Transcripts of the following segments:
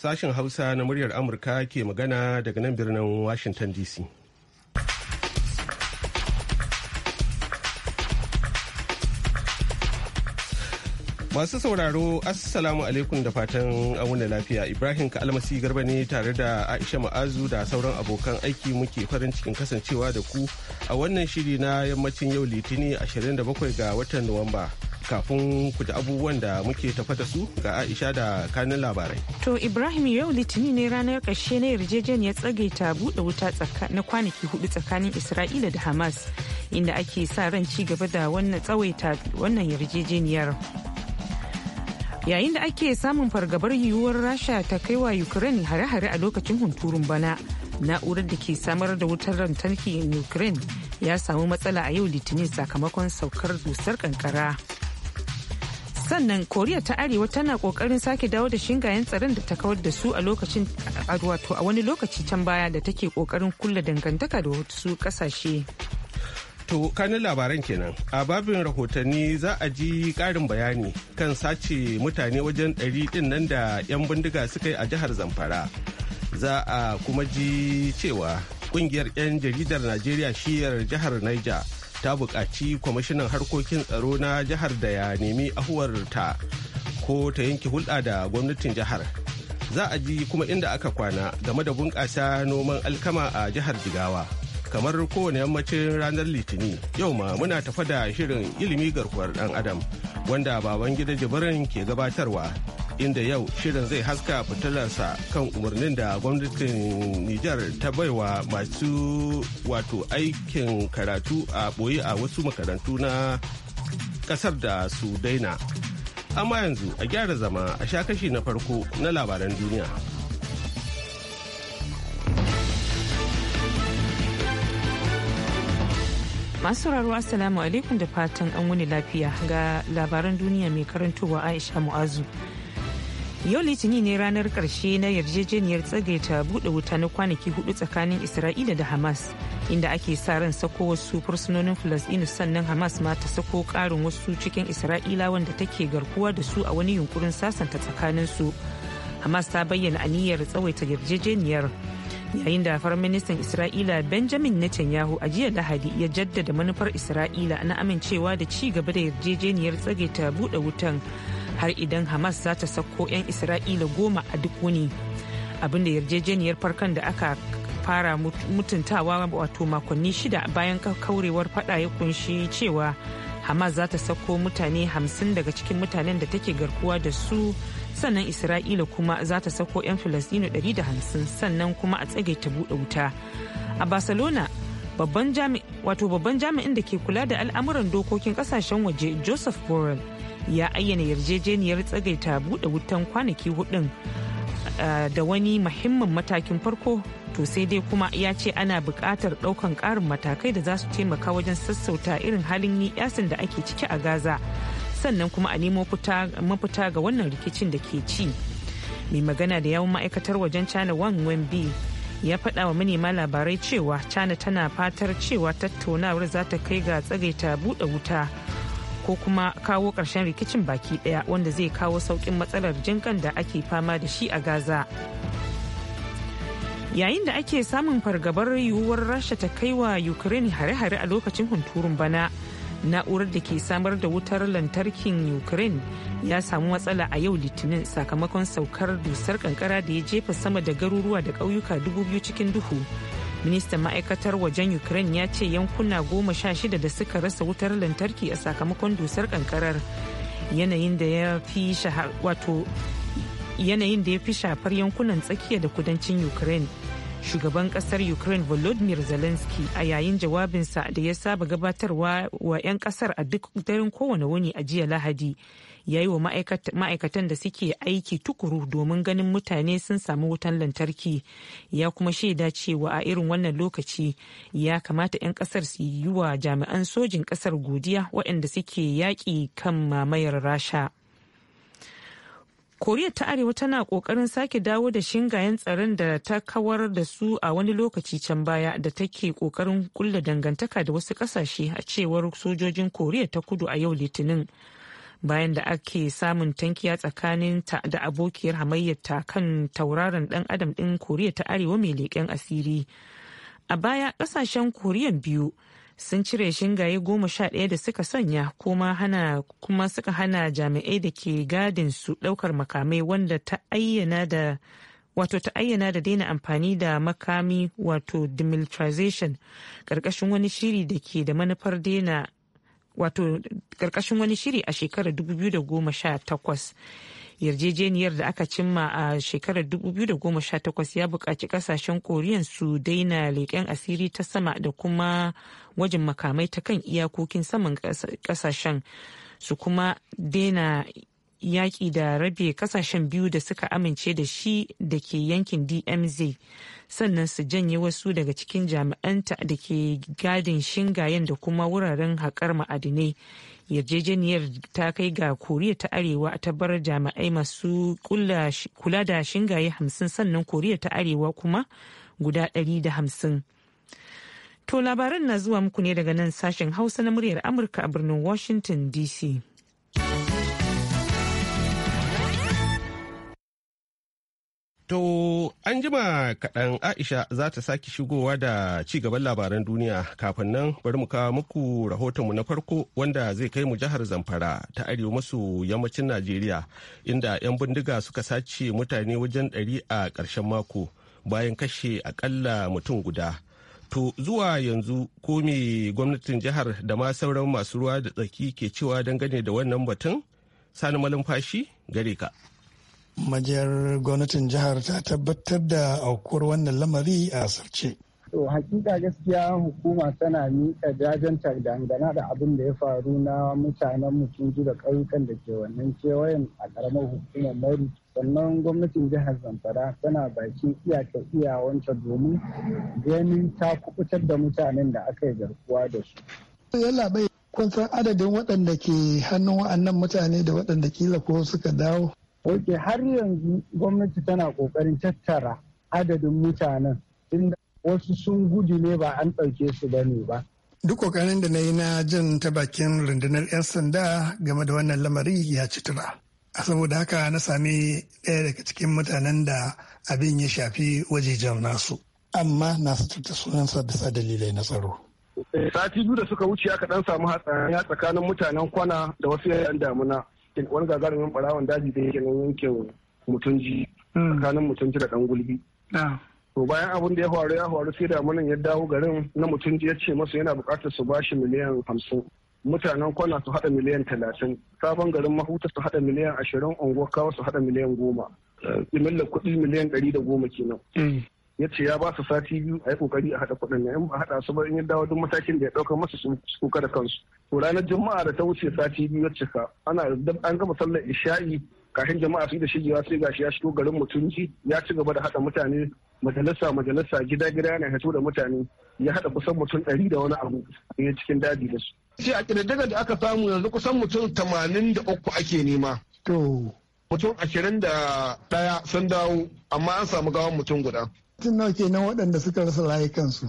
Sashen Hausa na muryar Amurka ke magana daga nan birnin Washington DC. Masu sauraro, Assalamu alaikum da fatan auna lafiya. Ibrahim Kalmasi Garba ne tare da Aisha Ma'azu da sauran abokan aiki muke farin cikin kasancewa da ku a wannan shiri na yammacin yau Litini 27 ga watan Nuwamba. kafin ku ji abubuwan da muke tafa da su ga Aisha da kanin labarai. To Ibrahim yau litini ne ranar karshe na yarjejeniyar tsage ta buɗe wuta na kwanaki hudu tsakanin Isra'ila da Hamas inda ake sa ran ci gaba da wannan tsawaita wannan yarjejeniyar. Yayin da ake samun fargabar yiwuwar Rasha ta kai wa Ukraine hare-hare a lokacin hunturun bana, na'urar da ke samar da wutar lantarki Ukraine ya samu matsala a yau litinin sakamakon saukar dusar kankara. sannan koriya ta arewa tana kokarin sake dawo da shingayen tsaron da ta kawar da su a lokacin wato a wani lokaci can baya da take kokarin kulla dangantaka da wasu kasashe to kani labaran kenan a babin rahotanni za a ji karin bayani kan sace mutane wajen ɗari din nan da 'yan bindiga suka yi a jihar zamfara za a kuma ji cewa kungiyar 'yan jaridar najeriya shiyar jihar niger ta buƙaci kwamishinan harkokin tsaro na jihar da ya nemi ahuwar ta ko ta yanke hulɗa da gwamnatin jihar za a ji kuma inda aka kwana game da bunƙasa noman alkama a jihar jigawa kamar kowane yammacin ranar litini yau ma muna tafa da shirin ilimi garkuwar ɗan adam wanda baban gida jibirin ke gabatarwa inda yau shirin zai haska fitilarsa kan umarnin da gwamnatin Nijar ta baiwa masu wato aikin karatu a ɓoye a wasu makarantu na ƙasar da su daina. Amma yanzu a gyara zama a sha kashi na farko na labaran duniya. Masu sauraro Assalamu alaikum da fatan an wuni lafiya ga labaran duniya mai karantowa Aisha Mu'azu. yau litini ne ranar karshe na yarjejeniyar tsagaita buɗe wuta na kwanaki hudu tsakanin isra'ila da hamas inda ake sa ran sako wasu fursunonin falasdini sannan hamas ma ta sako karin wasu cikin isra'ila wanda take garkuwa da su a wani yunkurin sasanta tsakaninsu hamas ta bayyana aniyar tsawaita yarjejeniyar yayin da ministan isra'ila benjamin netanyahu a jiya lahadi ya jaddada manufar isra'ila na amincewa da ci gaba da yarjejeniyar tsagaita buɗe wutan har idan hamas za ta sako 'yan isra'ila goma a duk wuni abinda yarjejeniyar farkon da aka fara mutuntawa wato makonni shida bayan kaurewar fada ya kunshi cewa hamas za ta sako mutane hamsin daga cikin mutanen da take garkuwa da su sannan isra'ila kuma za ta sako 'yan filistino 150 sannan kuma a tsage ta buɗe wuta a barcelona babban jami'in da ke kula da al'amuran dokokin kasashen waje joseph borrell ya ayyana yarjejeniyar tsagaita buɗe wutan kwanaki hudun da wani muhimmin matakin farko to sai dai kuma ya ce ana buƙatar ɗaukan ƙarin matakai da za su taimaka wajen sassauta irin halin yasin da ake ciki a gaza sannan kuma a nemo mafita ga wannan rikicin da ke ci mai magana da yawon ma'aikatar wajen china wang wenbi ya faɗa wa manema labarai cewa china tana fatar cewa tattaunawar za ta kai ga tsagaita buɗe wuta ko kuma kawo ƙarshen rikicin baki ɗaya wanda zai kawo sauƙin matsalar jinkan da ake fama da shi a gaza yayin da ake samun fargabar yiwuwar rasha ta kai wa ukraine hare-hare a lokacin hunturun bana na'urar da ke samar da wutar lantarkin ukraine ya samu matsala a yau litinin sakamakon saukar dusar kankara da ya jefa sama da garuruwa da ƙauyuka dubu biyu cikin duhu ministan ma'aikatar wajen ukraine ya ce yankuna goma sha shida da suka rasa wutar lantarki a sakamakon dusar kankarar yanayin da ya fi shafar yankunan tsakiya da kudancin ukraine shugaban kasar ukraine volodymyr zelensky a yayin jawabinsa da ya saba gabatarwa wa 'yan kasar a duk daren kowane wuni a jiya lahadi ya yi wa ma'aikatan da suke aiki tukuru domin ganin mutane sun samu wutan lantarki ya kuma shaida cewa a irin wannan lokaci ya kamata 'yan kasar su yi wa jami'an sojin kasar godiya waɗanda suke yaƙi kan mamayar rasha koriya ta arewa tana kokarin sake dawo da shingayen tsaron da ta kawar da su a wani lokaci can baya da take kokarin kulla dangantaka da wasu kasashe a cewar sojojin koriya ta kudu a yau litinin bayan da ake samun tankiya tsakanin ta da abokiyar hamayyarta kan tauraron dan adam din koriya ta arewa mai leƙen asiri a baya ƙasashen koriyan biyu sun cire shingaye goma sha ɗaya da suka sanya kuma hana kuma suka hana jami'ai da ke gadin su ɗaukar makamai wanda ta ayyana da wato ta ayyana da daina amfani da makami wato demilitarization ƙarƙashin wani shiri da ke da manufar daina wato karkashin wani shiri a shekarar 2018 yarjejeniyar da aka cimma a shekarar 2018 ya buƙaci ƙasashen koriyan su daina leƙen asiri ta sama da kuma wajen makamai ta kan iyakokin saman ƙasashen su kuma daina yaƙi da rabe kasashen biyu da suka amince da shi da ke yankin dmz sannan su janye wasu daga cikin jami'anta da ke gadin shingayen da kuma wuraren haƙar ma'adinai yarjejeniyar ta kai ga koriya ta arewa ta bar jami'ai masu kula da shingaye hamsin sannan koriya ta arewa kuma guda ɗari da hamsin. to labaran na zuwa muku ne daga nan sashen hausa na muryar amurka a birnin washington dc To, an jima kaɗan Aisha za ta sake shigowa da ci gaban labaran duniya kafin nan bari mu kawo muku rahotonmu na farko wanda zai kai mu jihar Zamfara ta arewa maso yammacin Najeriya inda 'yan bindiga suka sace mutane wajen ɗari a ƙarshen mako bayan kashe aƙalla mutum guda. To, zuwa yanzu ko me gwamnatin jihar da ma sauran masu ruwa da tsaki ke cewa dangane da wannan batun? Sani Malumfashi gare ka. majiyar gwamnatin jihar ta tabbatar da aukuwar wannan lamari a asirce. To hakika gaskiya hukuma tana miƙa jajanta dangana da abin da ya faru na mutanen mutum da ƙauyukan da ke wannan kewayen a ƙaramar hukumar mari Sannan gwamnatin jihar Zamfara tana bakin iyaka iyawanta domin ganin ta kubutar da mutanen da aka yi garkuwa da su. kun san adadin waɗanda ke hannun wa'annan mutane da waɗanda kila ko suka dawo Oke har yanzu gwamnati tana kokarin tattara adadin mutanen inda wasu sun gudu ne ba an ɗauke su ba ne ba. Duk kokarin da na yi na jin ta bakin rundunar 'yan sanda game da wannan lamari ya ci tura. A saboda haka na sami ɗaya daga cikin mutanen da abin ya shafi wajejen nasu. Amma na sunan sunansa bisa dalilai na tsaro. Eh, sati biyu da suka wuce aka dan samu hatsaniya tsakanin mutanen kwana da wasu yayan damuna. wani gagarumin barawan daji da yake nan yankin mutunji hmm. tsakanin mutunji da dan gulbi ah. to bayan abin da ya faru ya faru sai damunan ya dawo garin na mutunji ya ce masu yana bukatar su bashi miliyan hamsin mutanen kwana su haɗa miliyan talatin sabon garin mahuta su haɗa miliyan ashirin unguwa kawo su haɗa miliyan goma jimillar eh, kuɗi miliyan ɗari da goma kenan hmm. ya ce ya ba su sati biyu a yi kokari a haɗa kuɗin na in ba haɗa su ba in ya dawo duk matakin da ya ɗauka masa su kuka da kansu to ranar juma'a da ta wuce sati biyu ya cika ana an gama sallar isha'i kafin jama'a su da shigewa sai gashi ya shigo garin mutunci ya ci gaba da haɗa mutane majalisa majalisa gida gida yana hito da mutane ya haɗa kusan mutum ɗari da wani abu a cikin daji da su. sai a ƙididdigar da aka samu yanzu kusan mutum tamanin da uku ake nema. to mutum ashirin da ɗaya sun dawo amma an samu gawan mutum guda. mutum nawa kenan waɗanda suka rasa layukansu.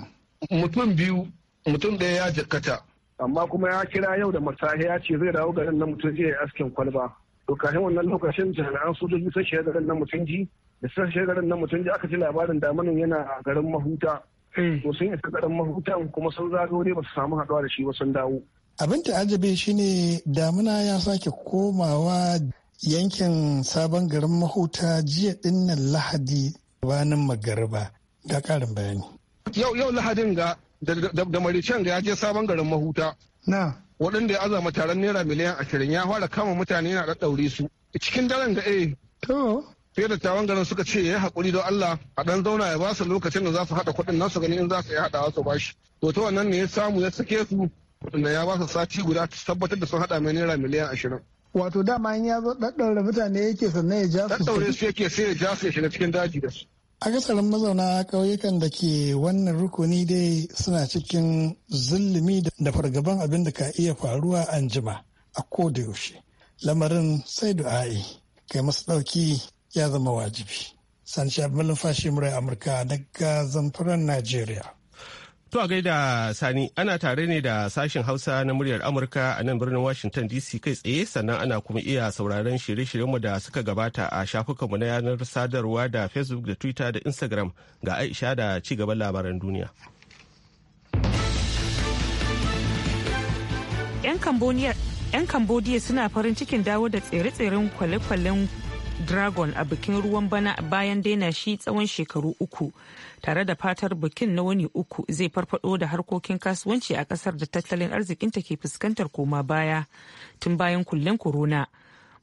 mutum biyu mutum ɗaya ya jakkata amma kuma ya kira yau da masahi ya ce zai dawo garin na mutum zai askin kwalba to kafin wannan lokacin jami'an sojoji sun shiga garin na mutum ji da sun shiga garin na mutum ji aka ji labarin damanin yana a garin mahuta hmm. to sun isa garin mahutan kuma sun zagayo ne ba su samu haɗuwa da shi ba sun dawo abin ta ta'ajabi shine damuna ya sake komawa yankin sabon garin mahuta jiya dinnan lahadi banin magariba ga karin bayani. Yau yau Lahadin ga da Maricen ga ya je sabon garin mahuta. Na. Waɗanda ya azama taron naira miliyan ashirin ya fara kama mutane yana ɗaure su. Cikin daren ga eh. To. Fiye da tawon garin suka ce ya haƙuri don Allah a ɗan zauna ya ba su lokacin da za su haɗa kuɗin nasu gani in za su yi haɗawa su ba shi. To ta wannan ne ya samu ya sake su da ya ba su sati guda tabbatar da sun haɗa mai naira miliyan ashirin. wato dama in ya zo ɗaɗɗaure mutane yake sannan ya ja su ɗaɗɗaure su yake sai ya ja su ya shiga cikin daji da su akasarin mazauna ƙauyukan da ke wannan rukuni dai suna cikin zulumi da fargaban abin da ka iya faruwa an jima a koda yaushe lamarin sai du'a'i kai masu ɗauki ya zama wajibi sanshi abin fashi murai amurka daga zamfaran najeriya To a gaida Sani ana tare ne da sashen Hausa na muryar Amurka a nan birnin Washington DC kai tsaye sannan ana kuma iya sauraron shirye-shiryenmu da suka gabata a shafukanmu na yanar sadarwa da Facebook da Twitter da Instagram ga Aisha da cigaban labaran duniya. 'Yan cambodia suna farin cikin dawo da tsere-tseren kwale-kwalen dragon a bikin ruwan bana bayan daina shi tsawon shekaru uku tare da fatar bikin na wani uku zai farfado da harkokin kasuwanci a kasar da tattalin arzikinta ke fuskantar koma baya tun bayan kullen corona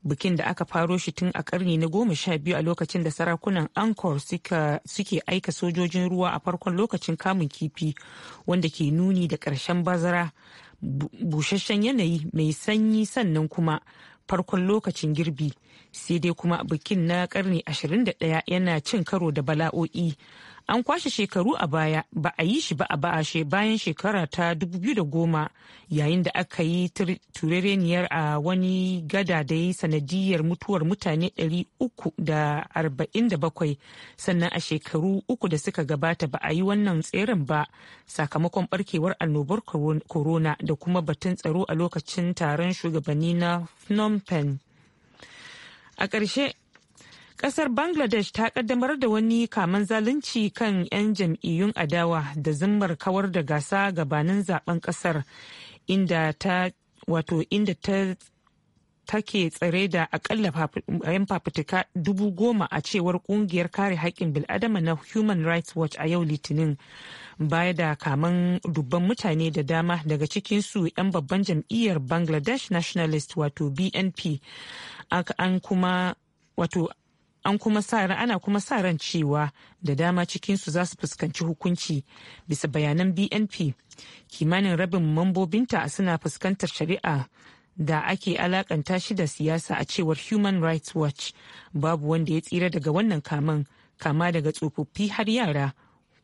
bikin da aka faro shi tun a karni na goma sha biyu a lokacin da sarakunan angkor suke aika sojojin ruwa a farkon lokacin kamun kifi wanda ke nuni da ƙarshen bazara busasshen yanayi mai sanyi sannan kuma farkon lokacin girbi sai dai kuma bikin na karni 21 yana cin karo da bala'o'i an kwashe shekaru a baya ba a yi shi ba a ba'ashe bayan shekara ta 2010 yayin da aka yi turereniyar a wani gada da yi sanadiyar mutuwar mutane 347 sannan a shekaru uku da suka gabata ba a yi wannan tseren ba sakamakon barkewar annobar corona da kuma batun tsaro a lokacin taron shugabanni na phnom penh a ƙarshe Kasar Bangladesh ta kaddamar da wani kaman zalunci kan 'yan jam'iyyun adawa da zimmar kawar da gasa gabanin zaben kasar inda ta wato inda ta take tsare da akalla yan fafutuka dubu goma a cewar kungiyar kare haƙƙin bil'adama na human rights watch a yau litinin baya da kaman dubban mutane da dama daga cikinsu 'yan babban jam'iyyar bangladesh nationalist wato bnp an kuma wato an kuma sa ana kuma sa ran cewa da dama cikinsu za su fuskanci hukunci bisa bayanan bnp kimanin rabin mambobinta suna fuskantar shari'a da ake alakanta shi da siyasa a cewar human rights watch babu wanda ya tsira daga wannan kaman kama daga tsofaffi har yara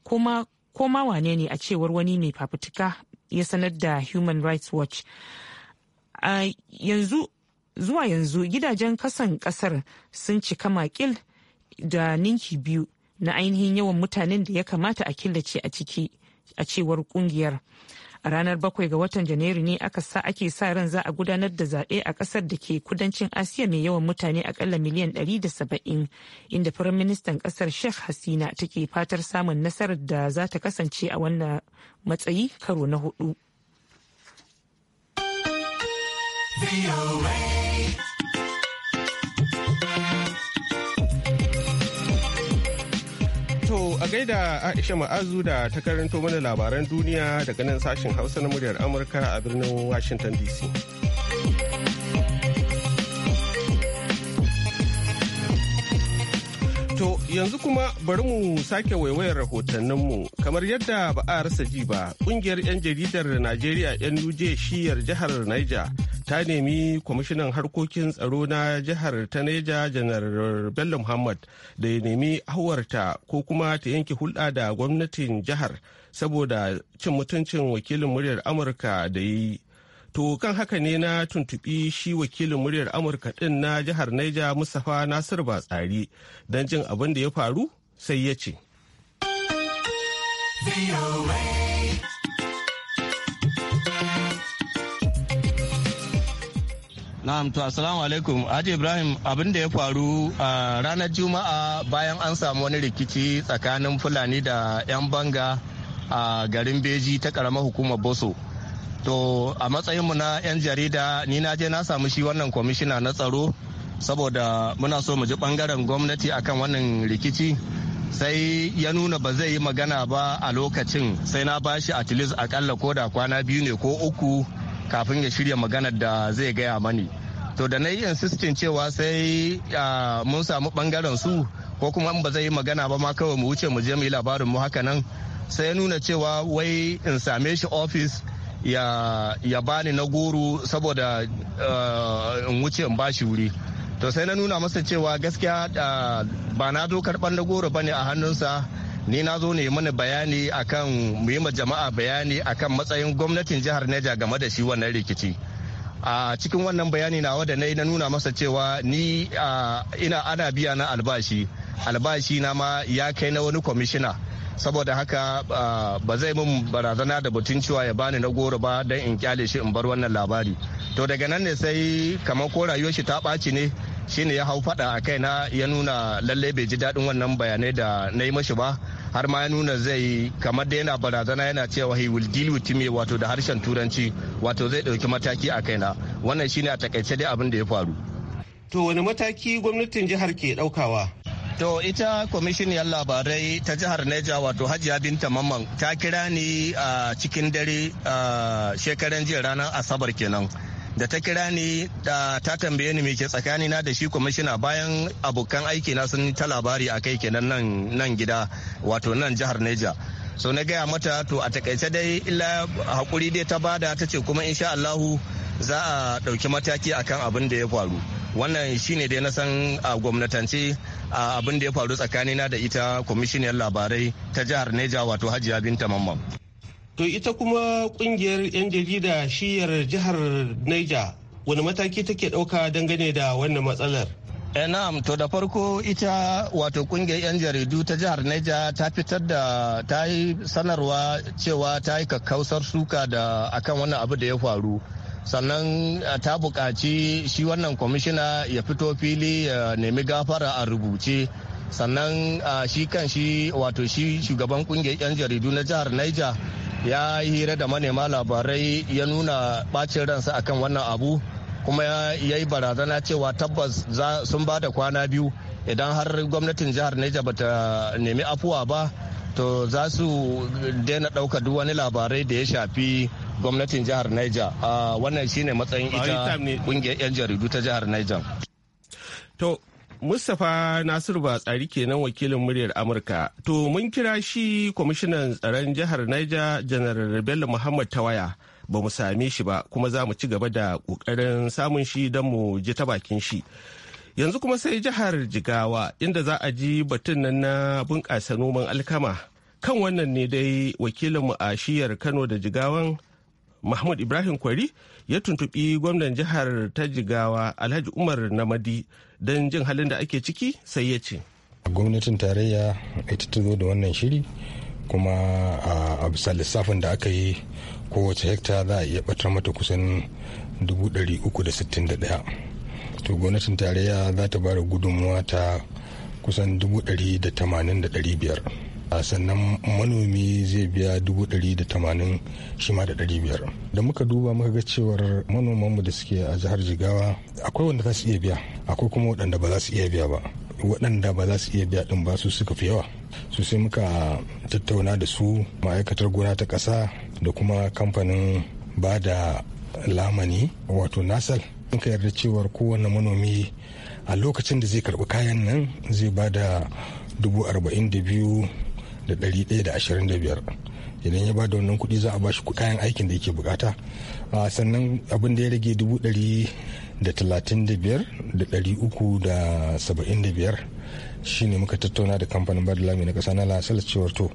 kuma koma wane ne a cewar wani mai fafutuka ya sanar da human rights watch a yanzu zuwa yanzu gidajen kasan kasar sun cika makil da ninki biyu na ainihin yawan mutanen da ya kamata a killace a ciki a cewar kungiyar a ranar bakwai ga watan janairu ne aka sa ake sa ran za a gudanar da zaɓe a ƙasar da ke kudancin asiya mai yawan mutane akalla miliyan saba'in inda firaministan ƙasar sheikh hasina take fatar samun nasarar da za ta kasance a wannan matsayi karo na hudu. a gaida Aisha Ma'azu da ta karanto mana labaran duniya daga nan sashen Hausa na muryar Amurka a birnin Washington DC. To yanzu kuma bari mu sake waiwayar rahotanninmu kamar yadda ba a rasa ji ba kungiyar 'yan jaridar Najeriya NUJ shiyar jihar Niger ta nemi kwamishinan harkokin tsaro na jihar ta neja janar bello muhammad da ya nemi ahuwarta ko kuma ta yanke hulɗa da gwamnatin jihar saboda cin mutuncin wakilin muryar amurka da ya yi to kan haka ne na tuntuɓi shi wakilin muryar amurka ɗin na jihar neja mustapha nasir batsari don jin abin da ya faru sai ya ce. Na'am to assalamu alaikum Haji Ibrahim abin da ya faru a ranar Juma'a bayan an samu wani rikici tsakanin Fulani da 'yan banga a garin Beji ta karamar hukumar Boso. To a matsayinmu na 'yan jarida ni na je na samu shi wannan kwamishina na tsaro saboda muna so mu ji bangaren gwamnati akan wannan rikici sai ya nuna ba zai yi magana ba a lokacin sai na bashi at least akalla ko da kwana biyu ne ko uku kafin ya shirya maganar da zai gaya mani to da na yi insistin cewa sai mun samu bangaren su ko kuma in ba zai yi magana ba ma kawai mu wuce mu je mu yi labarin mu haka nan sai ya nuna cewa wai in same shi ofis ya, ya bani na goro saboda in wuce in ba shi wuri to sai na nuna masa cewa gaskiya ba na zo karban na goro ba ne a hannunsa ni na zo ne mana bayani akan mu yi jama'a bayani akan matsayin gwamnatin jihar Neja game da shi wannan rikici a cikin wannan bayani na da na yi na nuna masa cewa ni ina ana biya na albashi albashi na ma ya kai na wani kwamishina saboda haka ba zai mun barazana da batun cewa ya bani na goro ba don in kyale shi in bar wannan labari to daga nan ne sai kamar ko rayuwar shi ta ɓaci ne shine ya hau fada a kaina ya nuna lallai bai ji daɗin wannan bayanai da na yi mashi ba har ma ya nuna zai kamar da yana barazana yana cewa he will deal with me wato da harshen turanci wato zai ɗauki mataki a kaina wannan shine a takaice dai abin da ya faru to wani mataki gwamnatin jihar ke ɗaukawa To ita kwamishiniyar labarai ta jihar Neja wato Hajiya Binta Mamman ta kira ni a cikin dare a shekaran jiya ranar Asabar kenan. da ta kira ni da ta tambaye ni meke tsakani na da shi kwamishina bayan abokan aiki na sun ta labari a kai kenan nan gida wato nan jihar Neja. So na gaya mata to a takaice dai illa hakuri dai ta bada ta ce kuma insha Allahu za a ɗauki mataki akan abin da ya faru. wannan shine dai na san a gwamnatance abin da ya faru tsakanina da ita kwamishiniyar labarai ta jihar neja wato hajiya binta mamman to ita kuma kungiyar 'yan jarida shiyar jihar neja wani mataki take ɗauka dangane da wannan matsalar eh, na'am to da farko ita wato kungiyar 'yan jaridu ta jihar neja ta fitar da ta yi sanarwa cewa ta yi kakkausar suka da akan wannan abu da ya faru sannan ta buƙaci shi wannan kwamishina ya fito fili ya nemi gafara a rubuce sannan shi kan shi wato shi shugaban kungiyar 'yan jaridu na jihar niger ya yi hira da manema labarai ya nuna bacin ransa akan wannan abu kuma ya yi barazana cewa tabbas sun ba da kwana biyu idan har gwamnatin jihar niger bata nemi afuwa ba to za su daina ɗauka duk wani labarai da ya shafi gwamnatin jihar Niger. Wannan shine matsayin ita kungiyar 'yan jaridu ta jihar Niger. To, Mustapha Nasiru Batsari kenan wakilin muryar Amurka. To, mun kira shi kwamishinan tsaron jihar Niger, Janaral Bello Muhammad Tawaya. Ba mu same shi ba, kuma za mu ci gaba da ƙoƙarin samun shi don mu ji ta bakin shi. Yanzu kuma sai jihar Jigawa, inda za a ji batun nan na bunƙasa noman alkama. Kan wannan ne dai wakilinmu a shiyar Kano da Jigawan Mahmud Ibrahim Kwari ya tuntuɓi gwamnan jihar ta Jigawa Alhaji Umar Namadi don jin halin da ake ciki sai ya ce. Gwamnatin tarayya ita ta zo da wannan shiri kuma a bisa lissafin da aka yi kowace hekta za a iya batar mata kusan 361. To gwamnatin tarayya za ta bada gudunmuwa ta kusan 180,500. sannan manomi zai biya dubu ɗari da tamanin shi ma da ɗari biyar da muka duba muka ga cewar manomanmu da suke a jihar jigawa akwai wanda za su iya biya akwai kuma waɗanda ba za su iya biya ba waɗanda ba za su iya biya ɗin ba su suka fi yawa su sai muka tattauna da su ma'aikatar gona ta ƙasa da kuma kamfanin ba da lamani wato nasal muka yarda cewar kowane manomi a lokacin da zai karɓi kayan nan zai ba da dubu arba'in da biyu da ɗari ɗaya da ashirin da biyar idan ya ba da wannan kuɗi za a ba shi kayan aikin da yake bukata sannan abin da ya rage dubu ɗari da talatin da biyar da ɗari uku da saba'in da biyar shine muka tattauna da kamfanin bada na ƙasa na lasal cewar to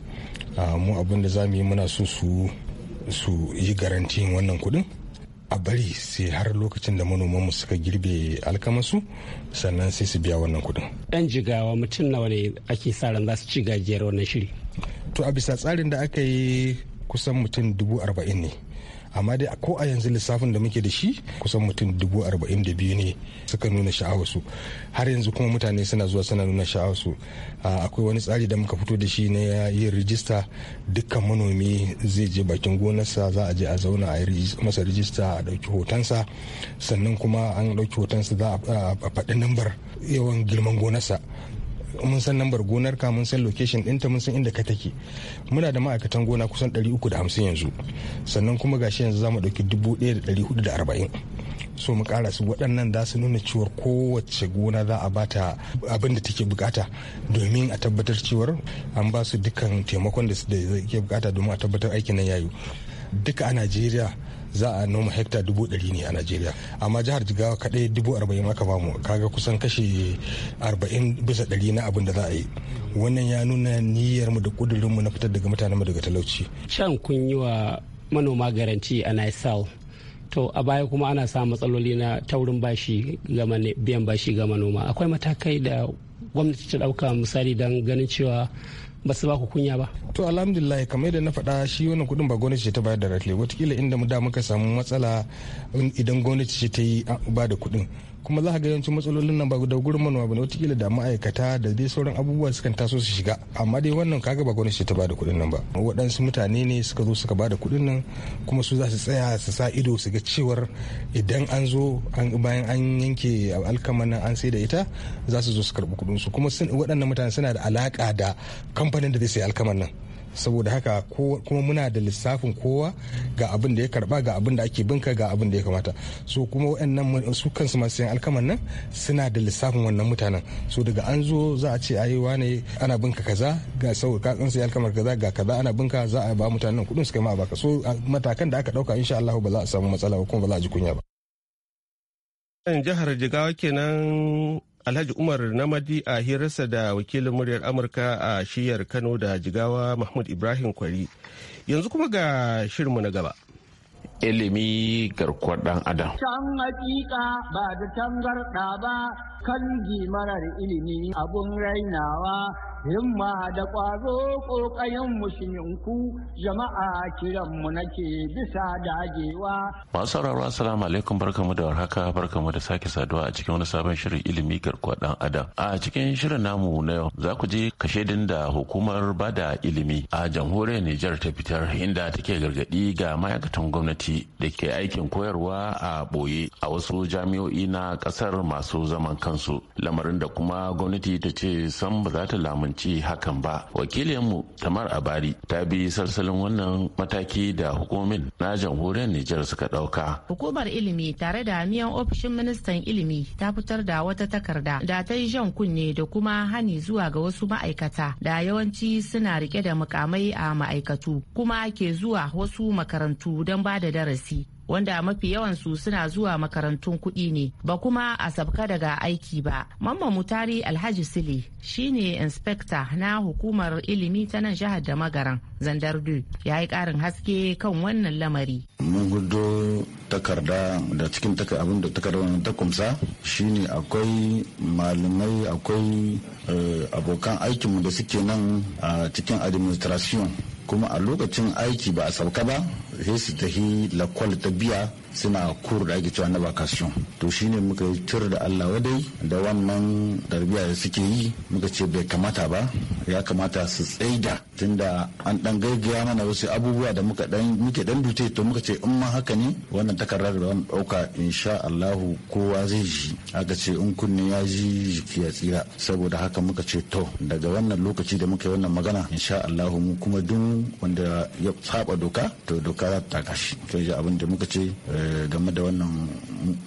mu abin da za mu yi muna so su su yi garantin wannan kuɗin a bari sai har lokacin da manomanmu suka girbe alkamasu sannan sai su biya wannan kudin. Dan jigawa mutum nawa ne ake sa ran za su ci gajiyar wannan shiri. To a bisa tsarin da aka yi kusan mutum dubu arba'in ne. amma dai ko a yanzu lissafin da muke da shi kusan mutum dubu arba'in da biyu ne suka nuna sha'awarsu har yanzu kuma mutane suna zuwa suna nuna sha'awarsu akwai wani tsari da muka fito da shi na yin rijista dukkan manomi zai je bakin gonarsa za a je a zauna a yi masa rijista a ɗauki hotonsa sannan kuma an ɗauki hotonsa za a faɗi nambar yawan girman gonarsa mun san lambar gonar ka mun san location ɗinta mun san inda ka take muna da ma'aikatan gona kusan 350 yanzu sannan kuma gashi yanzu za mu ɗauki 1440 so mu ƙara su waɗannan za su nuna cewar kowace gona za a bata abin da take bukata domin a tabbatar cewar an ba su dukkan taimakon da ke bukata domin a tabbatar aikin nan yayu duka a najeriya za a noma hekta dubu ɗari ne a najeriya amma jihar jigawa kaɗai dubu arba'in aka bamu kaga kusan kashi arba'in bisa ɗari na abin da za a yi wannan ya nuna niyyar mu da ƙudurin mu na fitar daga mutanen mu daga talauci can kun yi wa manoma garanti a naisal to a baya kuma ana sa matsaloli na taurin bashi ga biyan bashi ga manoma akwai matakai da gwamnati ta ɗauka misali don ganin cewa ba su ba ku kunya ba. To alhamdulillah kamar yadda na faɗa shi wannan kudin ba gwamnati ce ta bayar da ratle watakila inda mu da muka samu matsala idan gwamnati ce ta yi ba da kudin. kuma za ka ga yawancin matsalolin nan ba da gurin manoma ba ne watakila da ma'aikata da dai sauran abubuwa sukan taso su shiga amma dai wannan kaga ba gwamnati ta bada kuɗin nan ba waɗansu mutane ne suka zo suka bada kuɗin nan kuma su za su tsaya su sa ido su ga cewar idan an zo bayan an yanke alkama nan an sai da ita za su zo su karɓi kuɗin su kuma waɗannan mutane suna da alaƙa da kamfanin da zai sai alkaman nan saboda haka kuma muna da lissafin kowa ga abin da ya karba ga abin da ake binka ga abin da ya kamata so kuma waɗannan su kansu masu yan alkaman nan suna da lissafin wannan mutanen so daga an zo za a ce ayi wane ana binka kaza ga sau ka tsansa alkamar kaza ga kaza ana binka za a ba mutanen kuɗin su kai ma baka so matakan da aka ɗauka insha Allah ba za a samu matsala ba kuma ba za a ji kunya ba jihar Jigawa kenan Alhaji Umar Namadi a hirarsa da wakilin muryar Amurka a shiyar Kano da Jigawa Mahmud Ibrahim Kwari. Yanzu kuma ga shirinmu na gaba. Ilimi garkuwar ɗan Adam. Can hakika ba da tangarɗa ba kan marar ilimi abun rainawa himma da ƙwazo ƙoƙayen mushiminku jama'a kiranmu nake bisa dagewa. Masu sauraro assalamu alaikum barkamu da warhaka barkamu da sake saduwa a cikin wani sabon shirin ilimi garkuwa ɗan adam. A cikin shirin namu na yau za ku je kashe din da hukumar bada ilimi a jamhuriyar Nijar ta fitar inda take gargaɗi ga ma'aikatan gwamnati da ke aikin koyarwa a ɓoye a wasu jami'o'i na ƙasar masu zaman kansu lamarin da kuma gwamnati ta ce san ba za ta lamu lamunci hakan ba wakilinmu tamar abari ta bi salsalin wannan mataki da hukumin na jamhuriyar nijar suka dauka hukumar ilimi tare da miyan ofishin ministan ilimi ta fitar da wata takarda da ta yi jan kunne da kuma hani zuwa ga wasu ma'aikata da yawanci suna rike da mukamai a ma'aikatu kuma ke zuwa wasu makarantu don ba da darasi wanda mafi yawan su suna zuwa makarantun kuɗi ne ba kuma a sabka daga aiki ba mamma mutari alhaji sili shine inspector na hukumar ilimi ta nan jihar da magaran zandardu ya yi ƙarin haske kan wannan lamari mun gudu takarda da cikin abin da wani ta kumsa shine akwai malamai akwai eh, abokan aikinmu da suke nan a cikin administration kuma a lokacin aiki ba a sauka ba sai su tafi lakwal ta biya suna kur da ake cewa na vacation to shine muka yi tur da Allah wadai da wannan tarbiy'a da suke yi muka ce bai kamata ba ya kamata su tsaida tunda an dan gaggaya mana wasu abubuwa da muka dan muke dan dute to muka ce in ma haka ne wannan takarar da wani dauka insha Allahu kowa zai ji aka ce in kunne ya ji jiki ya tsira saboda haka muka ce to daga wannan lokaci da muka yi wannan magana insha Allahu mu kuma duk wanda ya saba doka to doka za ta kashi to abin da muka ce Eh, game da wannan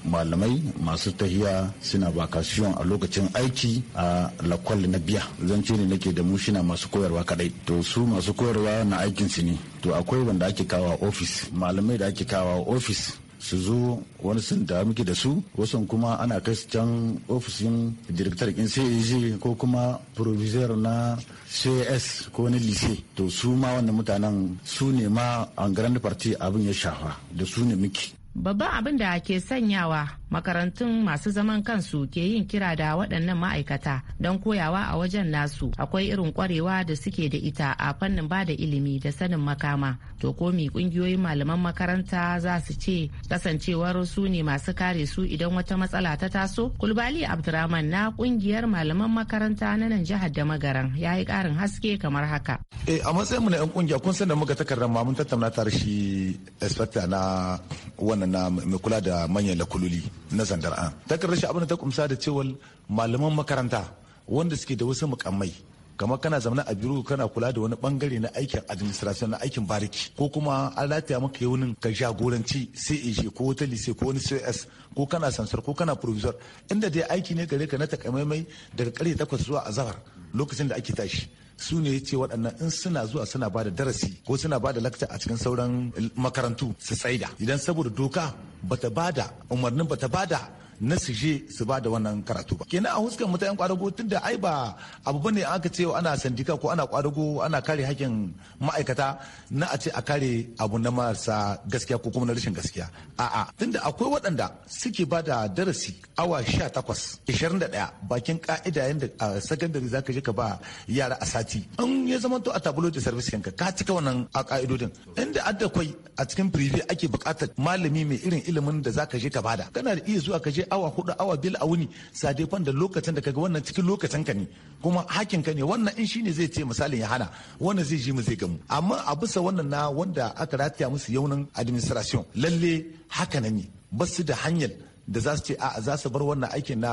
malamai masu tahiya suna bakasiyon a lokacin aiki a lakwal na biya zance ne nake da mu masu koyarwa kadai to su masu koyarwa na aikin su ne to akwai wanda ake kawo ofis malamai da ake kawo ofis su zo wani sun da muke da su wasu kuma ana kai su can ofishin director din CAG ko kuma provisor na CAS ko na lise to su ma wannan mutanen su ne ma an grand party abin ya shafa da su ne muke babban abin da ke sanyawa makarantun masu zaman kansu ke yin kira da waɗannan ma'aikata don koyawa a wajen nasu akwai irin kwarewa da suke da ita a fannin ba da ilimi da sanin makama to komi ƙungiyoyin malaman makaranta za su ce kasancewar su ne masu kare su idan wata matsala ta taso kulbali abdurrahman na ƙungiyar malaman makaranta na nan jihar da magaran ya yi ƙarin haske kamar haka eh, a matsayin mu na 'yan kungiya kun san da muka takardar ma mun tattauna tare shi inspector na wannan na mai kula da manyan lakululi. na zandar'an takardar shi abin da ta kumsa da cewar malaman makaranta wanda suke da wasu mukammai kamar kana zaune a biro kana kula da wani bangare na aikin administration na aikin bariki ko kuma an rataya maka yaunin ka jagoranci CAG ko wata lise ko wani COS ko kana sansar ko kana provisor inda dai aiki ne gare ka na takamaimai daga karfe takwas zuwa azahar lokacin da ake tashi su ne ce waɗannan in suna zuwa suna ba da darasi ko suna ba da lakta a cikin sauran makarantu su tsaida idan saboda doka bata da umarnin bata da. na su su ba da wannan karatu ba kenan a huskan mutanen kwadago tun da ai ba abu ba ne aka ce ana sandika ko ana kwadago ana kare hakkin ma'aikata na a ce a kare abu na marasa gaskiya ko kuma na rashin gaskiya a'a tun da akwai waɗanda suke ba da darasi awa sha takwas ishirin da ɗaya bakin ka'ida yadda a sakandare za ka je ka ba yara a sati in ya zama to a tabulo da service kanka ka cika wannan a ka'idodin inda adda kwai a cikin prive ake buƙatar malami mai irin ilimin da za ka je ka bada kana da iya zuwa ka je awa hudu awa biyu a wuni sadefan da lokacin da kaga wannan cikin lokacin ka ne kuma hakin ka ne wannan in shine zai ce misalin ya hana wannan zai ji mu zai gamu amma a bisa wannan na wanda aka rataya musu yaunin administration lalle haka na ne basu da hanyar da za su ce a za su bar wannan aikin na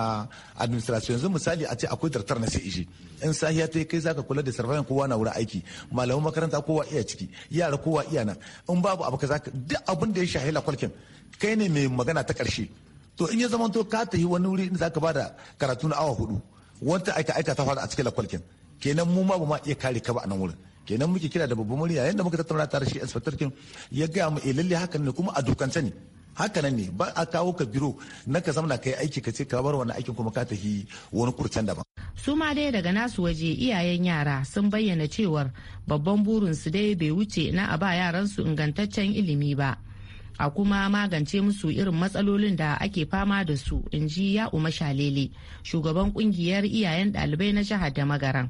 administration yanzu misali a ce akwai dartar na sai in sahiya ta kai zaka kula da sarfayan kowa na wurin aiki malaman makaranta kowa iya ciki yara kowa iya na in babu abu ka zaka duk abin da ya shahila kwalkin kai ne mai magana ta karshe to in ya zama to ka yi wani wuri inda zaka da karatu na awa hudu wata aika aika ta fara a cikin lakwalkin kenan mu ma ba ma iya kare ka ba a nan wurin kenan muke kira da babban murya yadda muka tattauna tare shi inspector kin ya ga mu eh lalle hakan ne kuma a dokance ne haka nan ne ba a kawo ka biro na ka zamana kai aiki ka ce ka bar wani aikin kuma ka tafi wani kurcen daban su ma dai daga nasu waje iyayen yara sun bayyana cewar babban burin su dai bai wuce na a ba yaran su ingantaccen ilimi ba a kuma magance musu irin matsalolin da ake fama da su in ji ya umar shalele shugaban kungiyar iyayen dalibai na jihar da magaran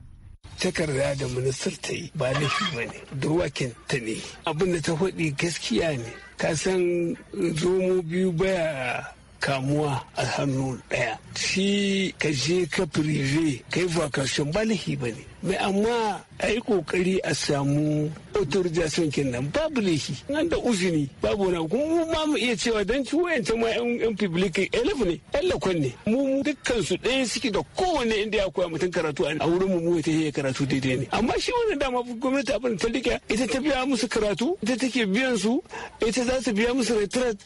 takarda da minister ta yi ba laifi ba ne durwakin ta ne abin da ta faɗi gaskiya ne ka san zomo biyu baya kamuwa a hannu ɗaya shi ka je ka firive ka yi karshen ba laifi ba ne Mai amma a yi kokari a samu authorization kenan babu laifi nan da uzini babu na kuma ba mu iya cewa dan ci ta ma yan publikin public elef ne yan ne mu dukkan su ɗaya suke da kowane inda ya koya mutum karatu a wurin mu ta yi karatu daidai ne amma shi wannan dama gwamnati abin ta rike ita ta biya musu karatu ita take biyan su ita za ta biya musu retret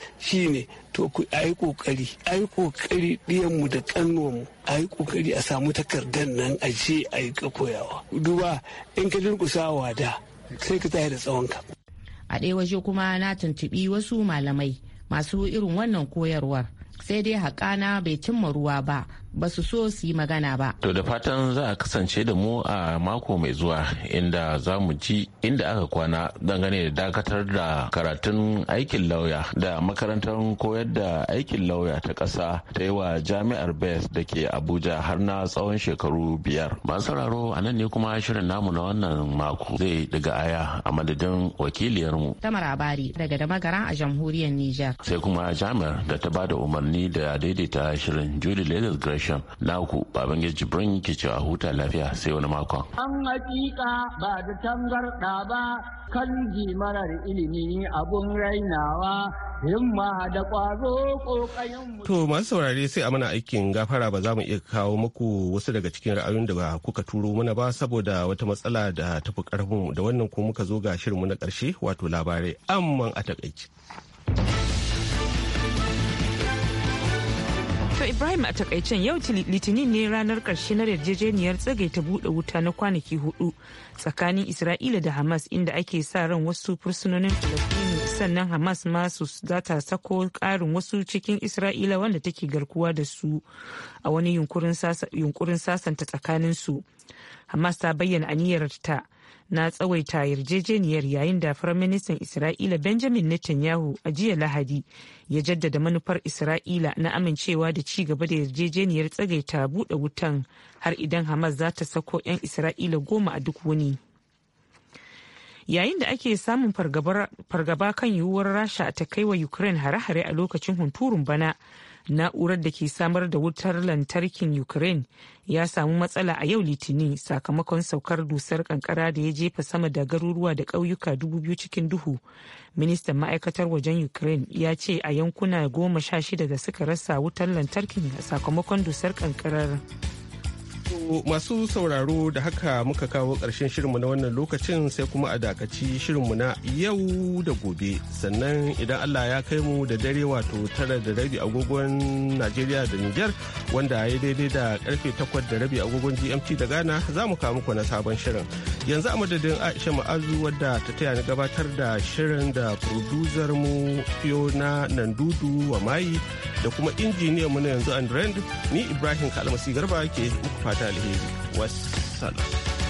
ne. to ku yi kokari yi kokari ɗiyan mu da kannuwan mu a yi kokari a samu takardar nan a je a yi koyawa duba in ka durkusa da sai ka tsaye da tsawonka a ɗaya waje kuma na tuntuɓi wasu malamai masu irin wannan koyarwar sai dai haƙana bai cimma ruwa ba ba su so su yi magana ba. To da fatan za a kasance da mu a mako mai zuwa inda za mu ji inda aka kwana dangane da dakatar da karatun aikin lauya da makarantar koyar da aikin lauya ta ƙasa ta yi wa jami'ar Bes da ke Abuja har na tsawon shekaru biyar. Ba sauraro a nan ne kuma shirin namu na wannan mako zai daga aya a madadin wakiliyarmu. Tamar Abari daga Damagara a jamhuriyar Nijar. Sai kuma jami'ar da ta ba da umarni da daidaita shirin Julie Lagos na naku baban jibrin ke cewa huta lafiya sai wani makon. An hakika ba da tangarɗa ba kan marar ilimi abun rainawa himma da ƙwazo ƙoƙayen To masu saurare sai a mana aikin gafara ba za mu iya kawo muku wasu daga cikin ra'ayoyin da ba kuka turo mana ba saboda wata matsala da tafi ƙarfinmu da wannan ko muka zo ga shirin mu na karshe wato labarai amman a takaici. To Ibrahim a takaicen yau litinin ne ranar karshe na yarjejeniyar tsage ta bude wuta na kwanaki hudu tsakanin Isra'ila da Hamas inda ake sa ran wasu fursunonin Falastini sannan Hamas ma su za ta sako karin wasu cikin Isra'ila wanda take garkuwa da su a wani yunkurin sasanta tsakanin su. Hamas ta bayyana aniyarta na tsawaita yarjejeniyar yayin da firaministan isra'ila benjamin netanyahu a jiya lahadi ya jaddada manufar isra'ila na amincewa da ci gaba da yarjejeniyar tsagaita buɗe wutan har idan hamas za ta sako 'yan isra'ila goma a duk wuni yayin da ake samun fargaba kan yiwuwar rasha ta kai wa ukraine hare-hare a lokacin hunturun bana na'urar da ke samar da wutar lantarkin ukraine ya samu matsala a yau litinin sakamakon saukar dusar kankara da ya jefa sama da garuruwa da ƙauyuka dubu biyu cikin duhu ministan ma'aikatar wajen ukraine ya ce a yankuna goma sha shida da suka rasa wutar lantarkin sakamakon dusar kankarar masu sauraro da haka muka kawo ƙarshen shirinmu na wannan lokacin sai kuma a dakaci shirinmu na yau da gobe sannan idan Allah ya kai mu da dare wato tara da rabi agogon Najeriya da niger wanda ya daidai da karfe takwas da rabi agogon GMT da Ghana za mu kawo muku na sabon shirin yanzu a madadin Aisha Ma'azu wadda ta taya ni gabatar da shirin da producer mu Fiona Nandudu wa Mai da kuma injiniyan mu na yanzu Andrend ni Ibrahim Kalmasi Garba ke muku fata alheri wassalam